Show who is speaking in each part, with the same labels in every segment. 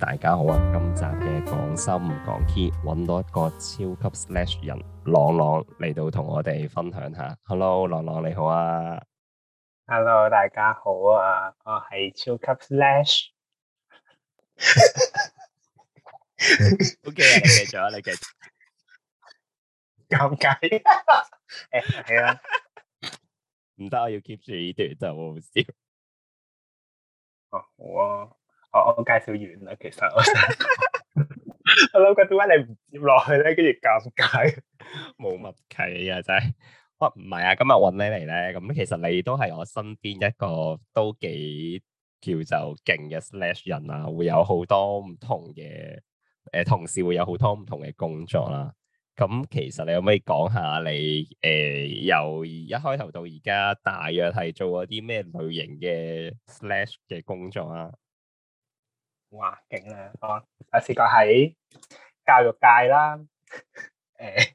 Speaker 1: 大家好啊！今集嘅講心講 key，揾到一個超級 slash 人朗朗嚟到同我哋分享下。Hello，朗朗你好啊
Speaker 2: ！Hello，大家好啊！我係超級 slash。
Speaker 1: OK，繼續啊，你繼續。尷尬 咁樣解。係 啊、欸。唔得 我要 keep 住，呢段就好笑。哦、 啊，好啊。我、哦、我介紹完
Speaker 2: 啦，其實我諗，我點解 你唔接落去咧？跟住尷尬，冇
Speaker 1: 乜 默契啊，真係。我唔係啊，今日揾你嚟咧。咁其實你都係我身邊一個都幾叫做勁嘅 slash 人啊，會有好多唔同嘅誒、呃，同事會有好多唔同嘅工作啦、啊。咁其實你可唔可以講下你誒、呃，由一開頭到而家，大約係做咗啲咩類型嘅 slash 嘅工作啊？環境啦，我我試過喺教育界啦，誒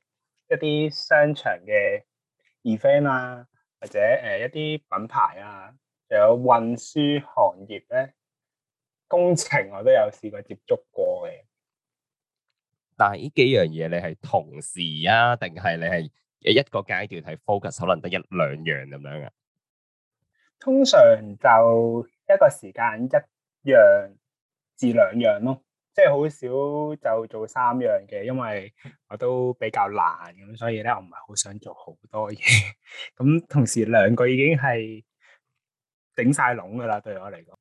Speaker 2: 一啲商場嘅 event 啊，或者誒一啲品牌啊，仲有運輸行業咧，工程我都有試過接觸過嘅。
Speaker 1: 但係呢幾樣嘢，你係同時啊，定係你係一個階段係 focus，可能得一兩樣咁樣啊？
Speaker 2: 通常就一個時間一樣。至兩樣咯，即係好少就做三樣嘅，因為我都比較難咁，所以咧我唔係好想做好多嘢。咁 同時兩個已經係頂晒籠噶啦，對我嚟講。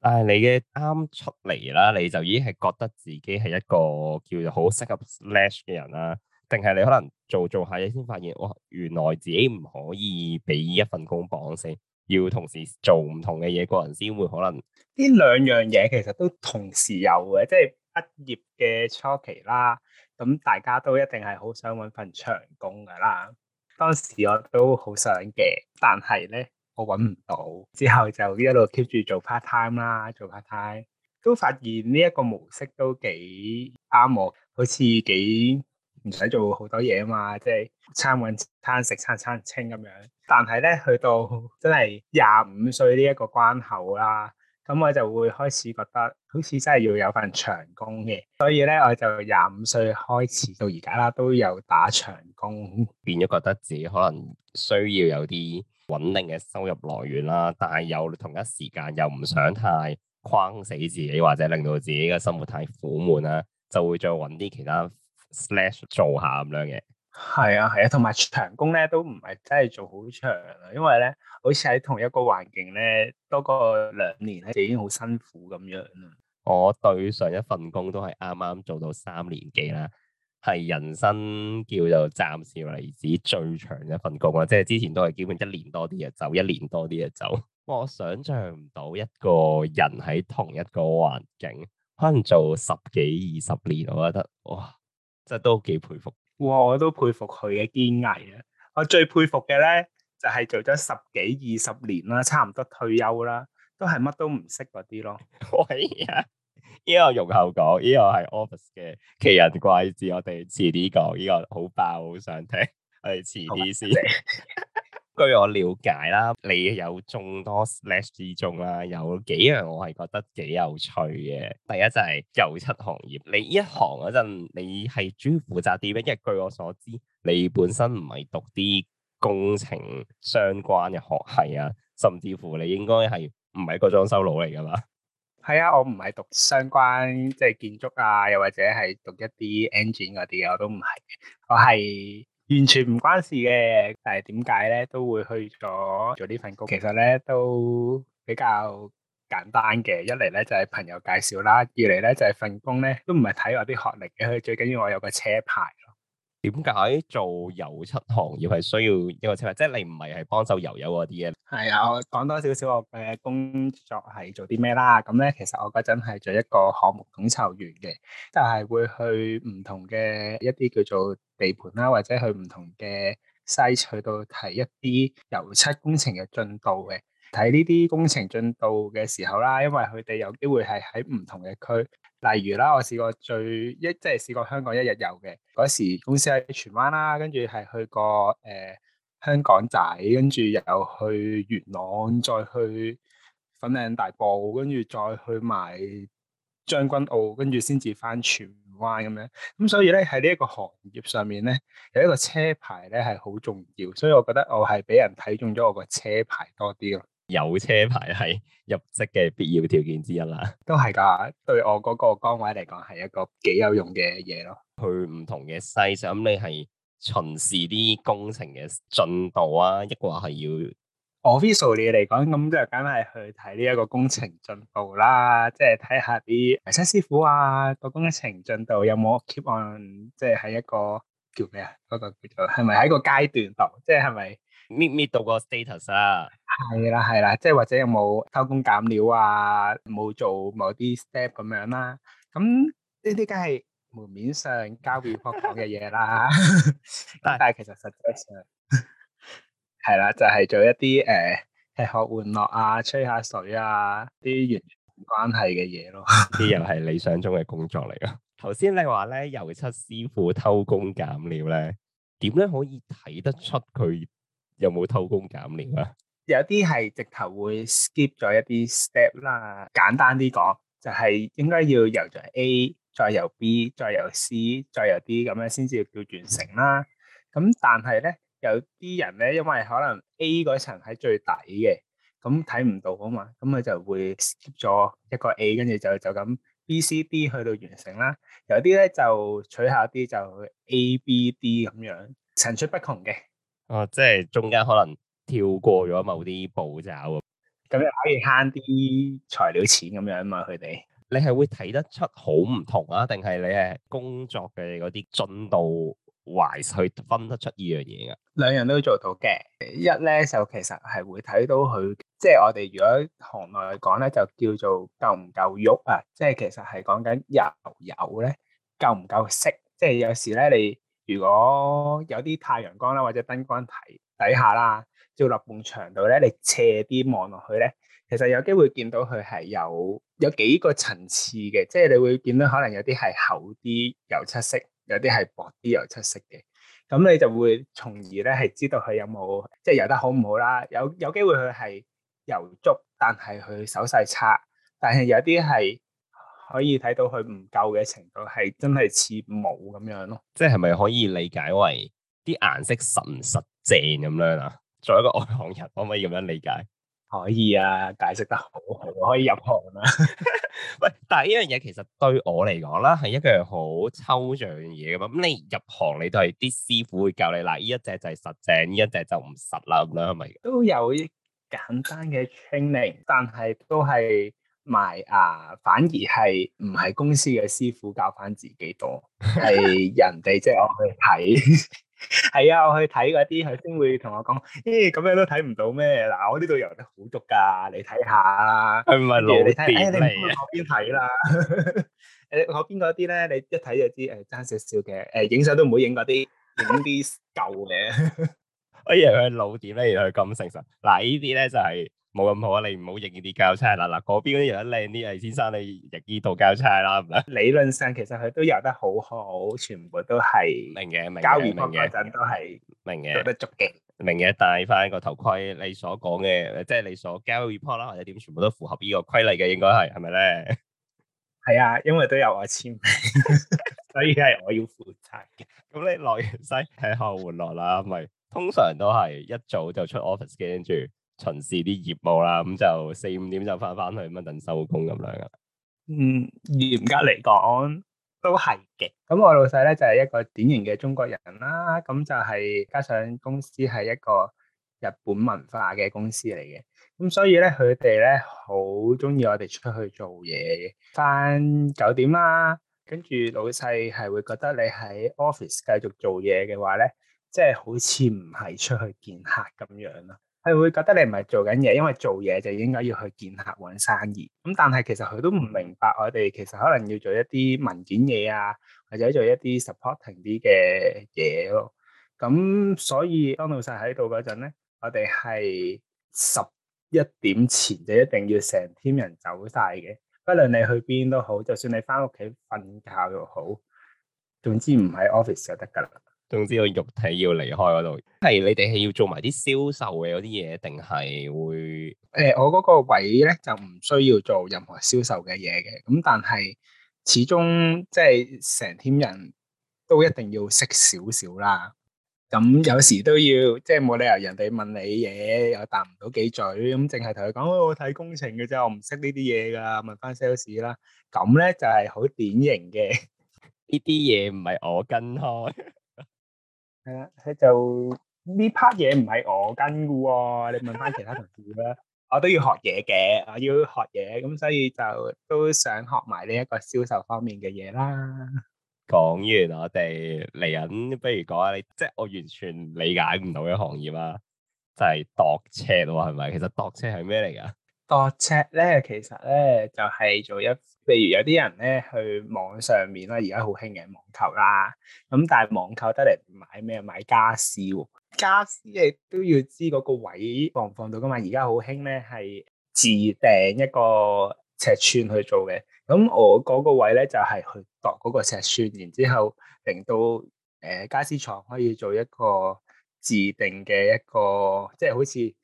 Speaker 1: 但係你嘅啱出嚟啦，你就已經係覺得自己係一個叫做好適合 slash 嘅人啦，定係你可能做做下嘢先發現，哇、哦，原來自己唔可以俾一份工綁先？要同時做唔同嘅嘢，個人先會可能呢兩樣嘢其實都同時有嘅，即係畢業嘅初期啦。咁大
Speaker 2: 家都一定係好想揾份長工㗎喇。當時我都好想嘅，但係咧我揾唔到，之後就一路 keep 住做 part time 啦，做 part time 都發現呢一個模式都幾啱我，好似幾唔使做好多嘢啊嘛，即係餐揾餐食，餐餐清咁樣。但係咧，去到真係廿五歲呢一個關口啦，咁我就會開始覺得，好似真係要有份長工嘅。所以咧，我就廿五歲開始
Speaker 1: 到而家啦，都有打長工，變咗覺得自己可能需要有啲穩定嘅收入來源啦。但係有同一時間又唔想太框死自己，或者令到自己嘅生活太苦悶啦，就會再揾啲其他 Slash 做下咁樣嘅。係啊，係啊，同埋
Speaker 2: 長工咧都唔係真係做好長啊，因為咧，好似喺同一個環境咧多過兩
Speaker 1: 年咧就已經好辛苦咁樣啦。我對上一份工都係啱啱做到三年幾啦，係人生叫做暫時為止最長嘅一份工啦。即係之前都係基本一年多啲嘢走，一年多啲嘢走。 我想象唔到一個人喺同一個環境可能做十幾二十年，我覺得哇，即係都幾佩服。
Speaker 2: 哇我都佩服佢嘅堅毅啊！我最佩服嘅咧，就係、是、做咗十幾二十年啦，差唔多退休啦，都係乜都唔識嗰啲咯。係啊，
Speaker 1: 呢、這個容後講，呢、這個係 Office 嘅奇人怪事，我哋遲啲講，呢、這個好爆，好想聽，我哋遲啲先。 據我了解啦，你有眾多 slash 之中啦，有幾樣我係覺得幾有趣嘅。第一就係油漆行業，你呢一行嗰陣你係主要負責啲咩？因為據我所知，你本身唔係讀啲工程相關嘅學系啊，甚至乎你應該係唔係一個裝修佬嚟噶嘛？
Speaker 2: 係啊，我唔係讀相關，即係建築啊，又或者係讀一啲 engine 嗰啲啊，我都唔係，我係。我完全唔關事嘅，但係點解咧都會去咗做呢份工？其實咧都比較簡單嘅。一嚟咧就係朋友介紹啦，二嚟咧就係份工咧都唔係睇我啲學歷嘅，最緊要我有個車牌。
Speaker 1: 點解做油漆行業係需要一個車位？即係你唔係係幫手油漆嗰啲
Speaker 2: 嘅。係啊，我講多少少我嘅工作係做啲咩啦？咁咧，其實我嗰陣係做一個項目統籌員嘅，就係會去唔同嘅一啲叫做地盤啦，或者去唔同嘅西選度睇一啲油漆工程嘅進度嘅。睇呢啲工程進度嘅時候啦，因為佢哋有機會係喺唔同嘅區，例如啦，我試過最一即係試過香港一日遊嘅嗰時，公司喺荃灣啦，跟住係去個誒、呃、香港仔，跟住又去元朗，再去粉嶺大埔，跟住再去埋將軍澳，跟住先至返荃灣咁樣。咁所以咧喺呢一個行業上面咧，有一個車牌咧係好重要，所以我覺得我係俾人睇中咗我個車牌多啲咯。
Speaker 1: 有車牌係入職嘅必要條件之一啦，都係㗎。對我嗰個崗位嚟講，係一個幾有用嘅嘢咯。去唔同嘅細嘅你係巡視啲工程嘅進度啊，一個係要
Speaker 2: officially 嚟講，咁即係梗係去睇呢一個工程進
Speaker 1: 步啦，
Speaker 2: 即係睇下啲新師傅啊、個工程進度有冇 keep on，即係喺一個叫咩啊？嗰個叫做係咪喺個階段度，
Speaker 1: 即係係咪搣搣到個 status 啊？
Speaker 2: 係啦，係啦，即係或者有冇偷工減料啊？冇做某啲 step 咁樣啦，啊。咁呢啲梗係門面上交 report 講嘅嘢啦。 但係其實實際上係啦， 就係、是、做一啲誒吃喝玩樂啊、吹下水啊、啲完全關係
Speaker 1: 嘅嘢咯。 啲又係理想中嘅工作嚟噶。頭先 你話咧油漆師傅偷工減料咧，點樣可以睇得出佢有冇偷工減料啊？有啲係直頭會 skip 咗一啲 step 啦，簡單啲講
Speaker 2: 就係、是、應該要由咗 A 再由 B 再由 C 再由 D 咁樣先至叫完成啦。咁但係咧有啲人咧，因為可能 A 嗰層喺最底嘅，咁睇唔到啊嘛，咁佢就會 skip 咗一個 A，跟住就就咁 B、C、D 去到完成啦。有啲咧就取下啲就 A、B、D 咁樣層出不窮嘅。哦，即係中間可能。跳
Speaker 1: 過咗某啲步驟，咁又可以慳啲材料錢咁樣嘛，啊？佢哋你係會睇得出好唔同啊？定係你係工作嘅嗰啲進度，懷去分得出呢樣嘢噶？兩樣都做到嘅，一咧就
Speaker 2: 其實係會睇到佢，即係我哋如果行內嚟講咧，就叫做夠唔夠喐啊！即係其實係講緊入油咧，夠唔夠色？即係有時咧，你如果有啲太陽光啦，啊，或者燈光睇底下啦。照立棒牆度咧，你斜啲望落去咧，其實有機會見到佢係有有幾個層次嘅，即係你會見到可能有啲係厚啲油漆色，有啲係薄啲油漆色嘅。咁你就會從而咧係知道佢有冇即係油得好唔好啦。有有機會佢係油足，但係佢手勢差。但係有啲係可以睇到佢唔夠嘅程度係真係似冇咁樣咯。
Speaker 1: 即係係咪可以理解為啲顏色實唔實正咁樣啊？作為一個外行人可唔可以咁樣理解？可以啊，解釋得好好，可以入行啦。喂， 但係呢樣嘢其實對我嚟講啦，係一樣好抽象嘅嘢噶嘛。咁你入行，你都係啲師傅會教你嗱，呢一隻就係實淨，呢一隻就唔實啦，咁樣係咪？
Speaker 2: 都有簡單嘅 training，但係都係賣啊，反而係唔係公司嘅師傅教翻自己多，係人哋即係我去睇。 係啊，我去睇嗰啲，佢先會同我講，咦、欸，咁樣都睇唔到咩？嗱，我呢度油得好足噶，你睇下。佢唔係老點你啊？我、哎、邊睇啦？誒，我邊嗰啲咧，你一睇就知，誒、欸，爭少少嘅，誒、欸，影相
Speaker 1: 都唔會影嗰啲，影啲舊嘅。我以為佢老點咧，原來佢咁誠實。嗱，呢啲咧就係、是。冇咁好啊！你唔好認呢啲交差啦，嗱，嗰邊嗰啲油得靚啲啊，先生你亦喺度交差啦，唔係？理論上其實佢都油得好好，全部都係明嘅，明嘅，明嘅。交 report 嗰陣都係明嘅，做得足勁。明嘅，戴返個頭盔，你所講嘅，即係你所交 report 啦，或者點，全部都符合呢個規例嘅，應該係係咪咧？係啊，因為都有我簽名，所以係我要負責嘅。咁你落完西係學玩樂啦，咪通常都係一早就出 office 跟住巡視啲業務啦，咁就四五點就翻翻去，乜等收工咁樣噶。
Speaker 2: 嗯，嚴格嚟
Speaker 1: 講都係嘅。
Speaker 2: 咁我老細咧就係、是、一個典型嘅中國人啦，咁就係、是、加上公司係一個日本文化嘅公司嚟嘅，咁所以咧佢哋咧好中意我哋出去做嘢，翻九點啦，跟住老細係會覺得你喺 office 繼續做嘢嘅話咧，即、就、係、是、好似唔係出去見客咁樣咯。係會覺得你唔係做緊嘢，因為做嘢就應該要去見客揾生意。咁但係其實佢都唔明白，我哋其實可能要做一啲文件嘢啊，或者做一啲 supporting 啲嘅嘢咯。咁所以 d 老 n 喺度嗰陣咧，我哋係十一點前就一定要成 team 人走晒嘅。不論你去邊都好，就算你翻屋企瞓覺又好，總之唔喺 office 就
Speaker 1: 得㗎啦。總之個肉體要離開嗰度。係你哋係要做埋啲銷售嘅嗰啲嘢，定係會？誒，我嗰個位咧就唔需要做任何銷售嘅嘢
Speaker 2: 嘅。咁但係始終即係成 team 人都一定要識少少啦。咁有時都要即係冇理由人哋問你嘢又答唔到幾嘴，咁淨係同佢講我睇工程嘅啫，我唔識呢啲嘢噶，問翻 sales 啦。咁咧就係好典型嘅，呢啲嘢唔係我跟開。係啦，佢、 啊、就呢 part 嘢唔係我跟嘅喎、哦，你問翻其他同事啦。 我都要學嘢嘅，我要學嘢，咁所以就都想學埋呢一個銷售方面嘅嘢啦。
Speaker 1: 講完我哋嚟緊，不如講下你，即係我完全理解唔到嘅行業啊，就係、是、度尺喎，係咪？其實度尺係咩嚟噶？
Speaker 2: 度尺咧，其實咧
Speaker 1: 就係、是、做
Speaker 2: 一，譬如有啲人咧去網上面網啦，而家好興嘅網購啦。咁但係網購得嚟買咩啊？買傢俬喎，傢俬你都要知嗰個位放唔放到噶嘛？而家好興咧係自定一個尺寸去做嘅。咁我嗰個位咧就係、是、去度嗰個尺寸，然之後令到誒傢俬牀可以做一個自定嘅一個，即係好似。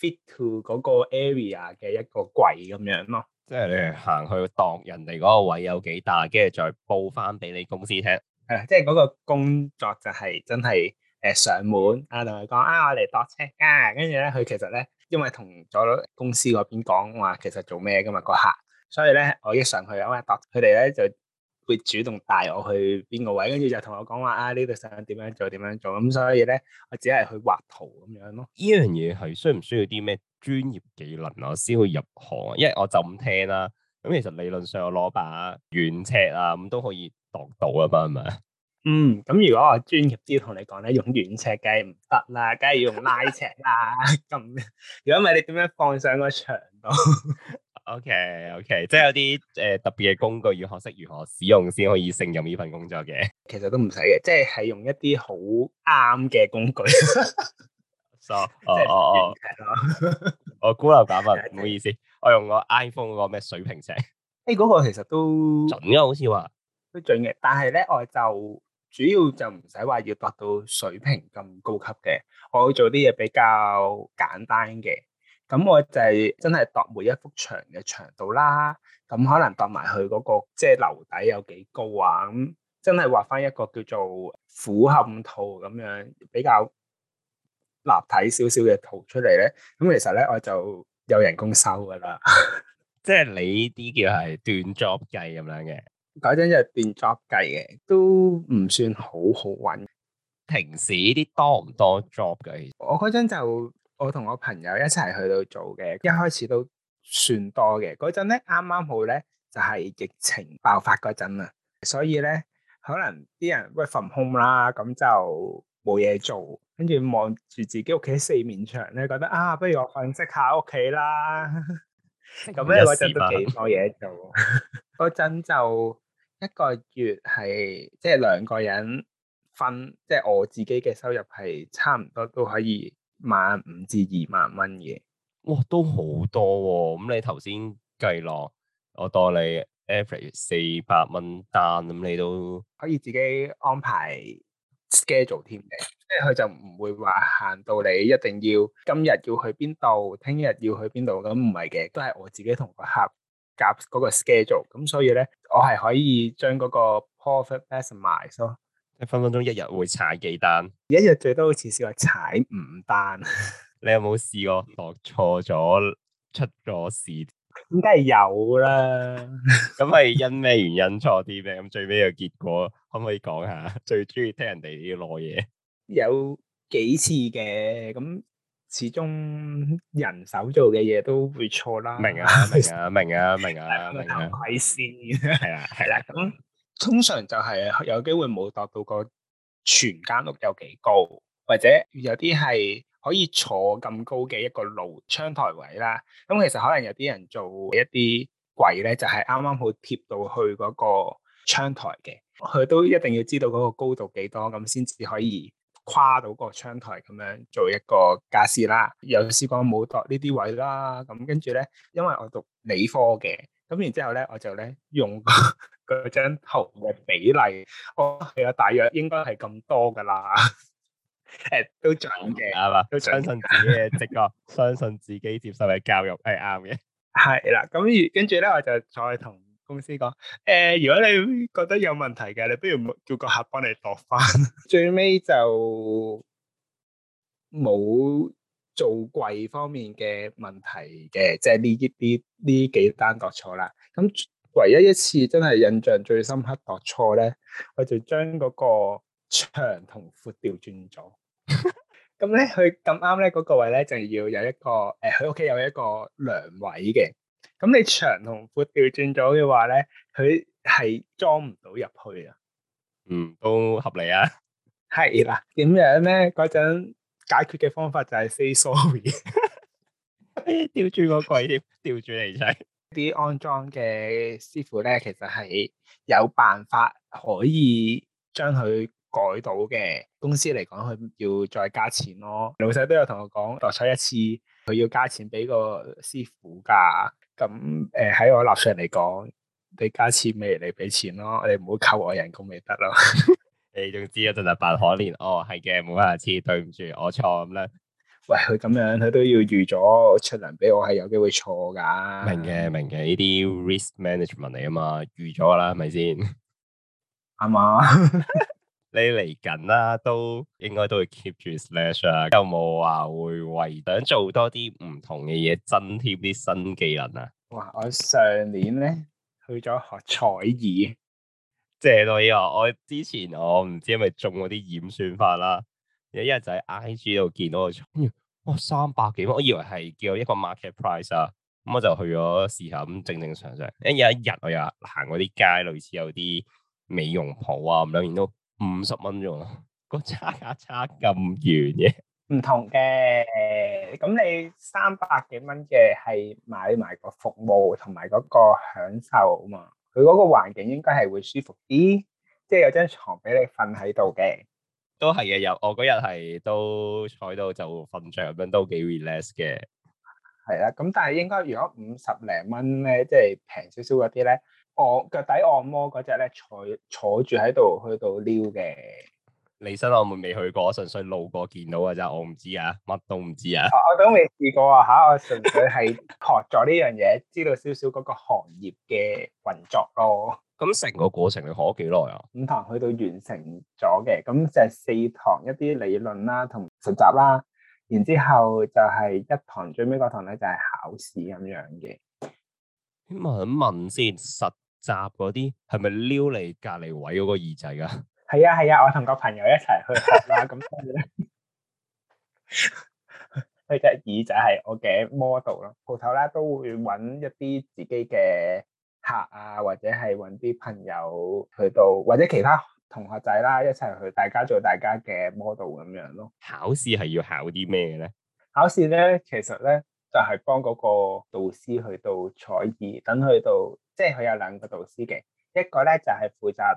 Speaker 2: fit to 嗰個 area 嘅一個櫃咁
Speaker 1: 樣咯，即係你行去度人哋嗰個位有幾大，跟住再報翻俾你公司聽。係，即係嗰個工
Speaker 2: 作就係真係誒上門啊，同佢講啊，我嚟度車啊，跟住咧佢其實咧，因為同咗公司嗰邊講話，其實做咩噶嘛個客，所以咧我一上去啊嘛度，佢哋咧就。會主動帶我去邊個位，跟住就同我講話啊，呢度想點樣做點樣做，咁所以咧，我只係去畫圖咁樣咯。
Speaker 1: 呢樣嘢係需唔需要啲咩專業技能啊先會入行啊？因為我就咁聽啦。咁其實理論上我攞把軟尺啊，咁都可以度到啊嘛，係咪？嗯，咁如果我專業啲同你講咧，用軟尺計唔得啦，梗係要用拉尺啦。咁如果唔係，你點樣放上個牆度？ OK，OK、okay, okay. 即係有啲誒、呃、特別嘅工具要學識如何使用先可以勝任呢份工作嘅。其實都唔使嘅，即係係用一啲好啱嘅工具。傻、 so, oh, oh, oh，哦哦哦，我孤陋寡聞，唔 好意思， 我用個 iPhone 嗰個咩水平尺。誒，嗰個其實都準嘅，好似話都準嘅。但係咧，我就主要
Speaker 2: 就唔使話要達到水平咁高級嘅，我會做啲嘢比較簡單嘅。咁我就真係度每一幅牆嘅長度啦，咁可能度埋佢嗰個即係樓底有幾高啊，咁真係畫翻一個叫做俯瞰圖咁樣，比較立體少少嘅圖出嚟咧。咁其實咧我就有人工收噶啦，
Speaker 1: 即係你呢啲叫係短 job 計咁樣嘅。嗰陣就短 job 計嘅，
Speaker 2: 都唔算好好揾。平時呢啲多唔多 job 嘅？我嗰陣就。我同我朋友一齊去到做嘅，一開始都算多嘅。嗰陣咧，啱啱好咧，就係、是、疫情爆發嗰陣啊，所以咧可能啲人 work from home 啦，咁就冇嘢做，跟住望住自己屋企四面牆咧，覺得啊，不如我粉飾下屋企啦。
Speaker 1: 咁咧嗰陣都幾多嘢
Speaker 2: 做，嗰陣 就一個月係即係兩個人分，即、就、係、是、我自己嘅收入係差唔多都可以。萬五至二萬
Speaker 1: 蚊嘅，哇，都好多喎、哦！咁你頭先計落，我當你 average 四百蚊單咁，你都可以自己安排
Speaker 2: schedule 添嘅，即係佢就唔會話限到你一定要今日要去邊度，聽日要去邊度咁，唔係嘅，都係我自己同個客夾嗰個 schedule，咁所以咧，我係可以將嗰個 profit maximize 咯。一分分鐘一
Speaker 1: 日會踩幾單？
Speaker 2: 一日最多好似試過踩
Speaker 1: 五單。 你有冇試過落錯咗出咗事？咁梗係有啦。咁 係因咩原因錯啲咩？咁最尾嘅結果可唔可以講下？最中意聽人哋攞嘢。有幾次嘅，咁始終
Speaker 2: 人手做嘅嘢都會錯啦。明啊，明啊，
Speaker 1: 明啊，明啊，明 在 啊。頭盔
Speaker 2: 先，係啊，係啦，啊，咁。 通常就係有機會冇度到個全間屋有幾高，或者有啲係可以坐咁高嘅一個露窗台位啦。咁其實可能有啲人做一啲櫃咧，就係啱啱好貼到去嗰個窗台嘅，佢都一定要知道嗰個高度幾多，咁先至可以跨到個窗台咁樣做一個家私啦。有試過冇度呢啲位啦，咁跟住咧，因為我讀理科嘅。咁然之後咧，我就咧用嗰張圖嘅比例，我係啊，大約應該係咁
Speaker 1: 多噶啦，誒都準嘅，係嘛？都相信自己嘅直覺，相信自己接受嘅教育係啱嘅。係啦，咁跟住咧，我就再同
Speaker 2: 公司講誒，如果你覺得有問題嘅，你不如叫個客幫你度翻。最尾就冇。做櫃方面嘅問題嘅，即係呢啲呢呢幾單度錯啦。咁唯一一次真係印象最深刻度錯咧，我就將嗰個長同闊調轉咗。咁咧佢咁啱咧嗰個位咧就要有一個誒，佢屋企有一個梁位嘅。咁你長同闊調轉咗嘅話咧，佢係裝唔到入去啊。嗯，
Speaker 1: 都合理啊。
Speaker 2: 係啦，點樣咧？嗰陣。解決嘅方法就係 say sorry， 吊住個櫃，吊住嚟，就係啲安裝嘅師傅咧，其實係有辦法可以將佢改到嘅。公司嚟講，佢要再加錢咯。老細都有同我講，落手一次，佢要加錢俾個師傅㗎。咁誒喺我立場嚟講，你加錢未嚟俾錢咯？你唔好扣我人工咪得咯。
Speaker 1: 你仲知一陣就扮可憐哦，係嘅，冇下次，次，對唔住，我錯咁咧。呢
Speaker 2: 喂，佢咁樣，佢都要
Speaker 1: 預咗出糧俾我機，係有機會錯噶。明嘅，明嘅，呢啲 risk management 嚟啊嘛，預咗啦，係咪先？
Speaker 2: 啱嘛？
Speaker 1: 你嚟緊啦，都應該都會 keep 住 slash。啊。有冇話會為想做多啲唔同嘅嘢，增添啲新技能啊？
Speaker 2: 哇！我上年咧
Speaker 1: 去咗學採耳。借到依個，我之前我唔知係咪中嗰啲演算法啦，有一日就喺 I G 度見到個沖完，哇，三百幾蚊，我以為係叫一個 market price 啊，咁、嗯、我就去咗試下，咁正正常常。一有一日我又行嗰啲街，類似有啲美容鋪啊，兩年都五十蚊啫，個差價差咁遠嘅。唔同嘅，咁你
Speaker 2: 三百幾蚊嘅係買埋個服務同埋嗰個享受啊嘛。佢嗰個環境應該係會舒服啲，即係有張床俾你瞓喺度嘅。
Speaker 1: 都係嘅，有我嗰日係都坐到就瞓着，咁樣，都幾 relax 嘅。
Speaker 2: 係啦，咁但係應該如果五十零蚊咧，即係平少少嗰啲咧，按腳底按摩嗰隻咧，坐
Speaker 1: 坐住喺度去到撩嘅。李生，離身我未未去過，我純粹路過見到啊，就我唔知啊，乜都唔知啊。我
Speaker 2: 都未試過啊，吓我純粹係學咗呢樣嘢， 知道少少嗰個行業嘅
Speaker 1: 運作咯。咁成個過程你學咗幾耐啊？
Speaker 2: 五堂去到完成咗嘅，咁就係四堂一啲理論啦，同實習啦，然之後就係一堂，最尾嗰堂咧就係考
Speaker 1: 試咁樣嘅。你問一問先，實習嗰啲係咪撩你隔籬位嗰個耳仔噶、啊？
Speaker 2: 係啊係啊，我同個朋友一齊去學啦。咁、 就係，
Speaker 1: 佢 隻耳仔
Speaker 2: 係我嘅 model 咯。鋪頭啦，都會揾一啲自己嘅客啊，或者係揾啲朋友
Speaker 1: 去到，或者其他
Speaker 2: 同學仔啦，一齊去，大家做大家嘅 model 咁樣咯。
Speaker 1: 考試係要考啲咩咧？考試咧，其實
Speaker 2: 咧就係、係、幫嗰個導師去到採耳，等佢到，即係佢有兩個導師嘅，一個咧就係、係、負責。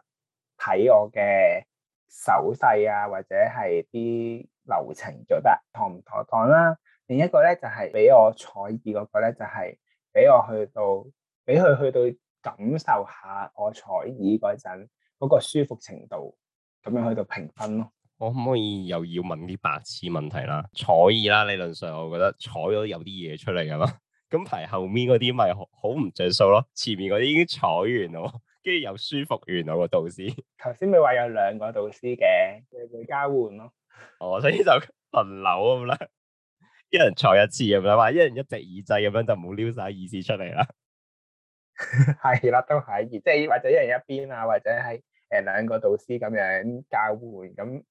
Speaker 2: 睇我嘅手勢啊，或者係啲流程做得妥唔妥當啦。另一個咧就係俾我採耳嗰個咧，就係俾我去到俾佢去到感受下我採耳嗰陣
Speaker 1: 嗰個舒服程度，咁樣去到評分咯。我可唔可以又要問啲白痴問題啦？採耳啦，理論上我覺得採咗有啲嘢出嚟噶啦。咁排後面嗰啲咪好唔著數咯？前面嗰啲已經採完咯。跟住又舒服完我個導師，
Speaker 2: 頭先咪話有兩個導師嘅，
Speaker 1: 佢哋交換咯。哦，所以就輪流咁啦， 一人採一次咁啦嘛，一人一隻耳仔咁樣，就唔好撩晒耳屎出嚟啦。係啦，
Speaker 2: 都係，即係或者一人一邊啊，或者係誒兩個導師咁樣交換，咁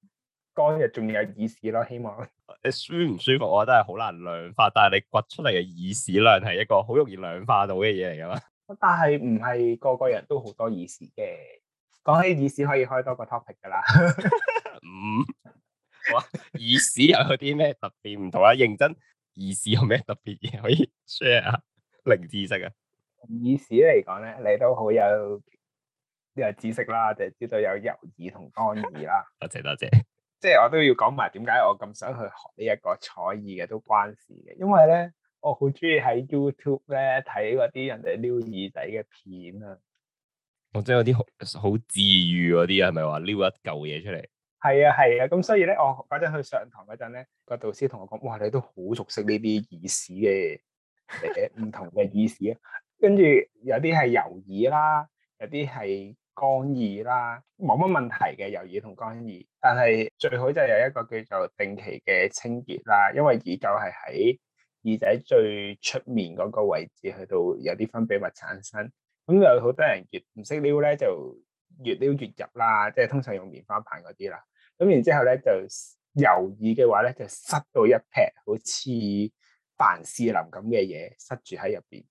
Speaker 2: 當嘅仲有耳屎咯。希望
Speaker 1: 你舒唔舒服，我真係好難量化，但係你掘出嚟嘅耳屎量係一個好容易量化到嘅嘢嚟噶嘛。
Speaker 2: 但係唔係個個人都好多耳屎嘅，講起耳屎可以開多個 topic 噶啦。
Speaker 1: 嗯，好啊，耳屎又有啲咩特別唔同啊？認真，耳屎有咩特別嘢可以 share 啊？零知識啊？
Speaker 2: 耳屎嚟講咧，你都好有呢個知識啦，就係、是、知道有油耳同乾耳啦。多 謝多謝，謝謝即係我都要講埋點解我咁想去學呢一個採耳嘅都關事嘅，因為咧。我好中意喺 YouTube 咧睇嗰啲人哋撩耳仔嘅片啊！
Speaker 1: 我真係有啲好好治愈嗰啲啊，係咪話撩一嚿嘢出嚟？
Speaker 2: 係啊，係啊！咁所以咧，我嗰陣去上堂嗰陣咧，個
Speaker 1: 導師同我講，哇，你都好熟悉呢啲 耳
Speaker 2: 屎嘅唔同嘅耳屎啊！跟住有啲係油耳啦，有啲係乾耳啦，冇乜問題嘅油耳同乾耳，但係最好就有一個叫做定期嘅清潔啦，因為耳垢係喺。耳仔最出面嗰個位置，去到有啲分泌物產生，咁有好多人越唔識撩咧，就越撩越入啦，即係通常用棉花棒嗰啲啦。咁然之後咧，就油耳嘅話咧，就塞到一撇好似凡士林咁嘅嘢，塞住喺入邊。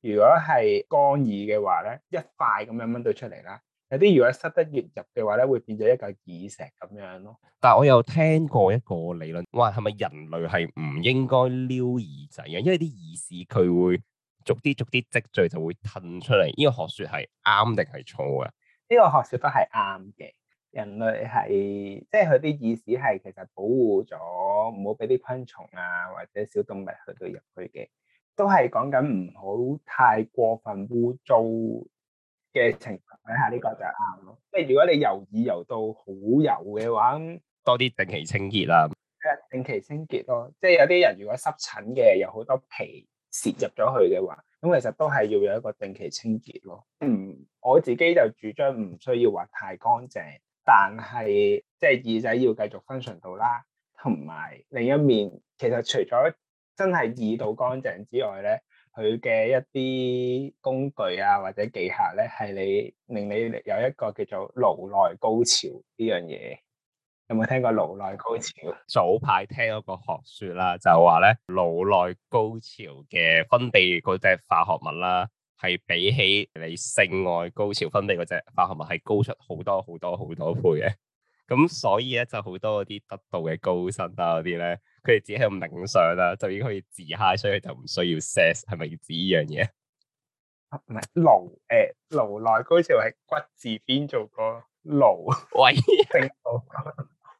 Speaker 2: 如果係乾耳嘅話咧，一塊咁樣掹到出嚟啦。有啲如果塞得越入嘅話咧，會變咗一個耳石咁樣咯。
Speaker 1: 但係我有聽過一個理論，話係咪人類係唔應該撩耳仔啊？因為啲耳屎佢會逐啲逐啲積聚，就會褪出嚟。呢個學説係啱定係錯啊？
Speaker 2: 呢個學説都係啱嘅。人類係即係佢啲耳屎係其實保護咗，唔好俾啲昆蟲啊或者小動物去到入去嘅。都係講緊唔好太過分污糟嘅情況。睇下呢個就啱咯，即係如果你油耳油到好油嘅話，
Speaker 1: 多啲定期清潔啦。
Speaker 2: 定期清潔咯、哦，即係有啲人如果濕疹嘅，有好多皮屑入咗去嘅話，咁其實都係要有一個定期清潔咯。嗯，我自己就主張唔需要話太乾淨，但係即係耳仔要繼續分順到啦，同埋另一面，其實除咗真係耳道乾淨之外咧。佢嘅一啲工具啊，或者技巧咧，係你令你有一個叫做顱內高潮呢樣嘢。
Speaker 1: 有冇聽過顱內高潮？早排聽一個學説啦、啊，就話咧顱內高潮嘅分泌嗰隻化學物啦、啊，係比起你性愛高潮分泌嗰隻化學物係高出好多好多好多好多倍嘅。咁 所以咧就好多嗰啲得到嘅高薪啊嗰啲咧。佢哋自己喺度冥想啦，就已經可以自嗨，所以就唔需要 sense，係咪要指呢樣嘢？唔係顱，誒，顱內高潮係骨字邊做個盧，喂！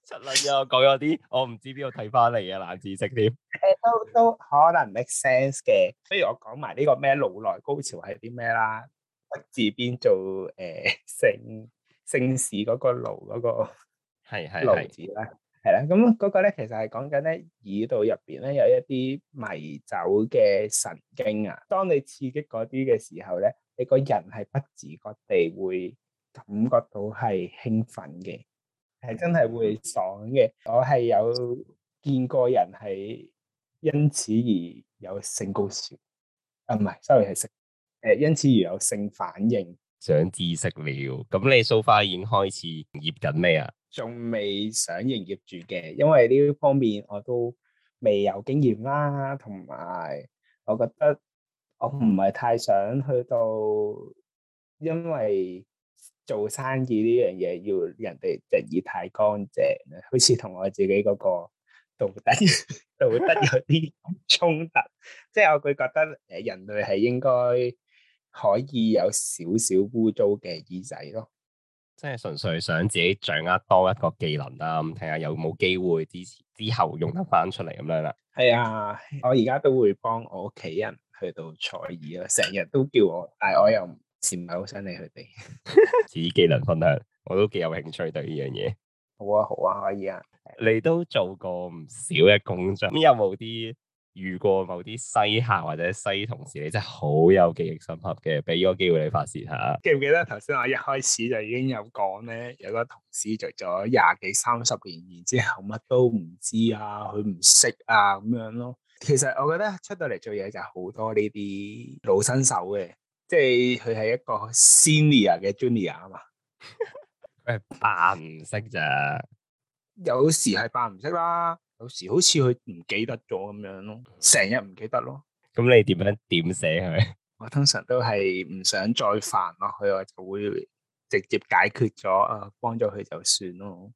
Speaker 1: 出嚟啊，我講咗啲我唔知邊度睇翻嚟嘅冷知識添。
Speaker 2: 誒，都都可能 make sense 嘅。不如我講埋呢個咩顱內高潮係啲咩啦？骨字邊做誒，姓姓氏嗰個盧嗰個，係係盧字咧。係啦，咁嗰、嗯那個咧，其實係講緊咧耳道入邊咧，有一啲迷走嘅神經啊。當你刺激嗰啲嘅時候咧，你個人係不自覺地會感覺到係興奮嘅，係真係會爽嘅。我係有見過人係因此而有性高潮，啊，唔係，sorry 係性，誒、呃，因此而有性反應。
Speaker 1: 想知識了。咁你 so far 已經開始熱緊咩啊？仲未想營業住嘅，
Speaker 2: 因為呢方面我都未有經驗啦，同埋我覺得我唔係太想去到，因為做生意呢樣嘢要人哋隻耳太乾淨，好似同我自己嗰個道德道德有啲衝突， 即係我會覺得誒人類係應該可以有少少
Speaker 1: 污糟嘅耳仔咯。即係純粹想自己掌握多一個技能啦，咁睇下有冇機會之前之後用得翻出嚟咁樣啦。
Speaker 2: 係啊，我而家都會幫我屋企人去到採耳咯，成日都叫我，但係我又唔算唔係好想
Speaker 1: 理佢哋。此 技能分享，我都幾有興趣對呢樣嘢。好啊，好啊，可以啊。你都做過唔少嘅工作，咁有冇啲？遇過某啲西客或者西同事，你真係好有記憶深刻嘅。俾個機會你發洩下。
Speaker 2: 記唔記得頭先我一開始就已經有講咧，有個同事做咗廿幾三十年，然之後乜都唔知啊，佢唔識啊咁樣咯。其實我覺得出到嚟做嘢就係好多呢啲老新手嘅，即係佢係一個 senior 嘅 junior 啊嘛 。
Speaker 1: 佢係扮唔識咋？
Speaker 2: 有時係扮唔識啦。有時好似佢唔記得咗咁樣咯，成日唔記得咯。
Speaker 1: 咁你點樣點寫佢？係咪？我通常
Speaker 2: 都係唔想再煩落去，佢我就會直接解決咗啊，幫咗佢就算咯。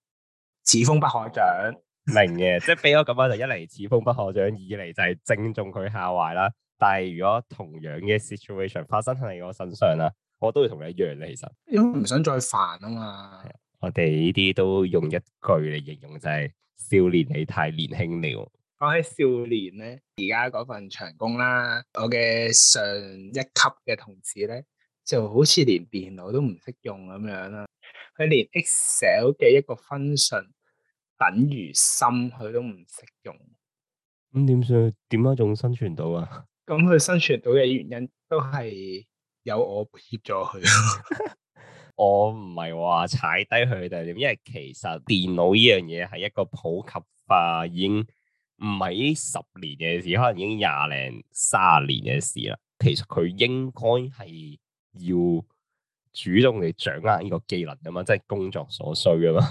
Speaker 1: 此風不可長， 明嘅，即係俾我咁樣就一嚟此風不可長，二嚟就係正中佢下懷啦。但係如果同樣嘅 situation 發生喺我身上啦，我都會同你一樣咧。其實，因為唔想再煩啊嘛。我哋呢啲都用一句嚟形容就係。少年你太年輕了。
Speaker 2: 講起少年咧，
Speaker 1: 而家嗰份
Speaker 2: 長工啦，我嘅上一級嘅同事咧，就好似連電腦都唔識用咁樣啦。佢連 Excel 嘅一個 function 等於心，佢都唔識用。
Speaker 1: 咁點算？點樣？仲生存到啊？咁佢生存到嘅原因，都係有我協助佢。我唔係話踩低佢哋點，因為其實電腦呢樣嘢係一個普及化，已經唔係十年嘅事，可能已經廿零、卅年嘅事啦。其實佢應該係要主動地掌握呢個技能噶嘛，即係工作所需噶嘛。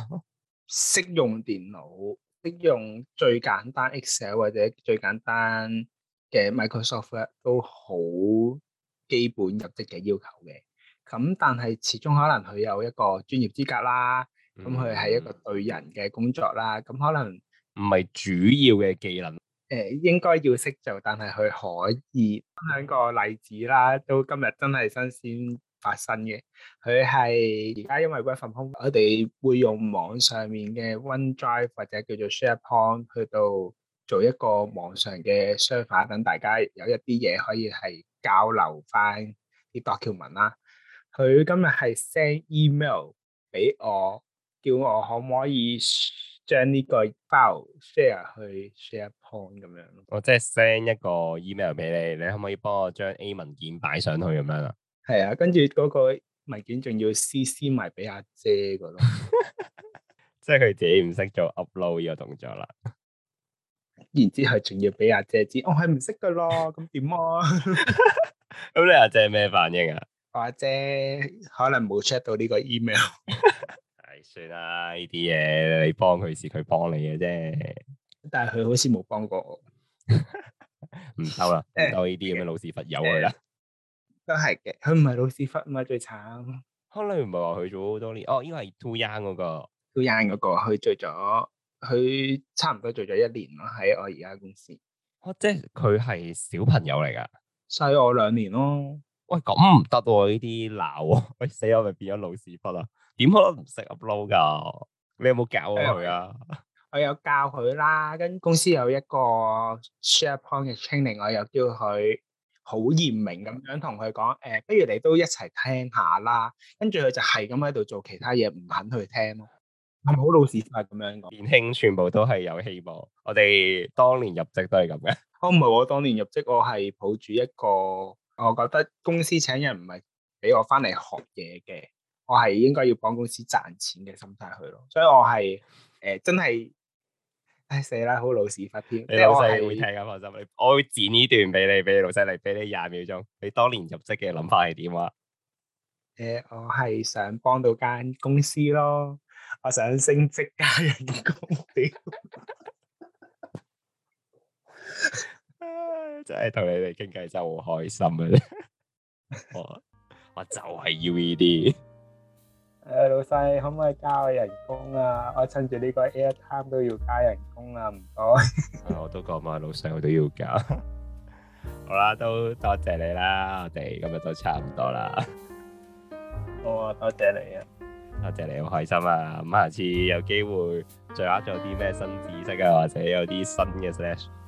Speaker 2: 識用電腦，識用最簡單 Excel 或者最簡單嘅 Microsoft 都好基本入職嘅要求嘅。咁但係，始終可能佢有一個專業資格啦。咁佢係一個對人嘅工作
Speaker 1: 啦。咁、嗯、可能唔係主要嘅技能。
Speaker 2: 誒、呃、應該要識就。但係佢可以分享、嗯、個例子啦。都今日真係新鮮發生嘅。佢係而家因為 web c 我哋會用網上面嘅 One Drive 或者叫做 Share Point 去到做一個網上嘅 share，等大家有一啲嘢可以係交流翻啲白條文啦。佢今日係 send email 俾我，叫我可唔可以將呢個 file share 去 sharepoint 咁樣。
Speaker 1: 我即係 send 一個 email 俾你，你可唔可以幫我將 A 文件擺上去咁樣啊？係啊，跟住嗰個文件仲要 CC 埋俾阿姐個咯，即係佢自己唔識做 upload 呢個動作啦。然之後仲要俾阿姐知，我係唔識噶咯，咁點啊？咁你阿姐係咩反應啊？我或者可能冇 check 到呢個 email。係算啦，呢啲嘢你幫佢時，佢幫你嘅啫。
Speaker 2: 但係佢好似冇幫過我。
Speaker 1: 唔收啦，唔收呢啲咁嘅老屎忽友佢啦。
Speaker 2: 都係嘅，佢唔係老屎忽嘛最慘。可
Speaker 1: 能唔係話佢做好多年。哦，因為 too young 嗰個，too young 嗰個，佢做咗，
Speaker 2: 佢差唔多做咗一年咯。喺我而家公司。哦，即係佢係
Speaker 1: 小朋友嚟噶，細我兩年咯。喂，咁唔得喎！呢啲鬧喎，喂死我咪變咗老屎忽啊！點可能唔識 upload 㗎？你有冇教佢啊？
Speaker 2: 我有教佢啦，跟公司有一個 sharepoint 嘅 training，我又叫佢好嚴明咁樣同佢講，誒，不如你都一齊聽下啦。跟住佢就係咁喺度做其他嘢，唔肯去聽咯。係咪好老屎忽啊？咁樣講？年
Speaker 1: 輕全部都係有希望，我哋當年入職都係咁嘅。我唔係我當年入
Speaker 2: 職，我係抱住一個。我覺得公司請人唔係俾我翻嚟學嘢嘅，我係應該要幫公司賺錢嘅心態去咯，所以我係誒真係唉，死啦，好老屎忽添。你老細會睇啊，
Speaker 1: 放心，我會剪呢段俾你俾老細嚟，俾你廿秒鐘。你當年入職嘅諗法係點啊？
Speaker 2: 誒，我係想幫到間公司咯，我想升職加人工。
Speaker 1: 真係同你哋傾偈真係好開心啊！我我就係要呢啲。
Speaker 2: 誒，老細可唔可以加我人工啊？我趁住呢個 Airtime 都要加人工啊，唔
Speaker 1: 該。我都講啊，老細我都要加。好啦，都多謝你啦，我哋今日都差唔多啦。
Speaker 2: 好啊，多謝你啊！
Speaker 1: 多謝你好開心啊！咁下次有機會再掌握咗啲咩新知識啊，或者有啲新嘅 slash，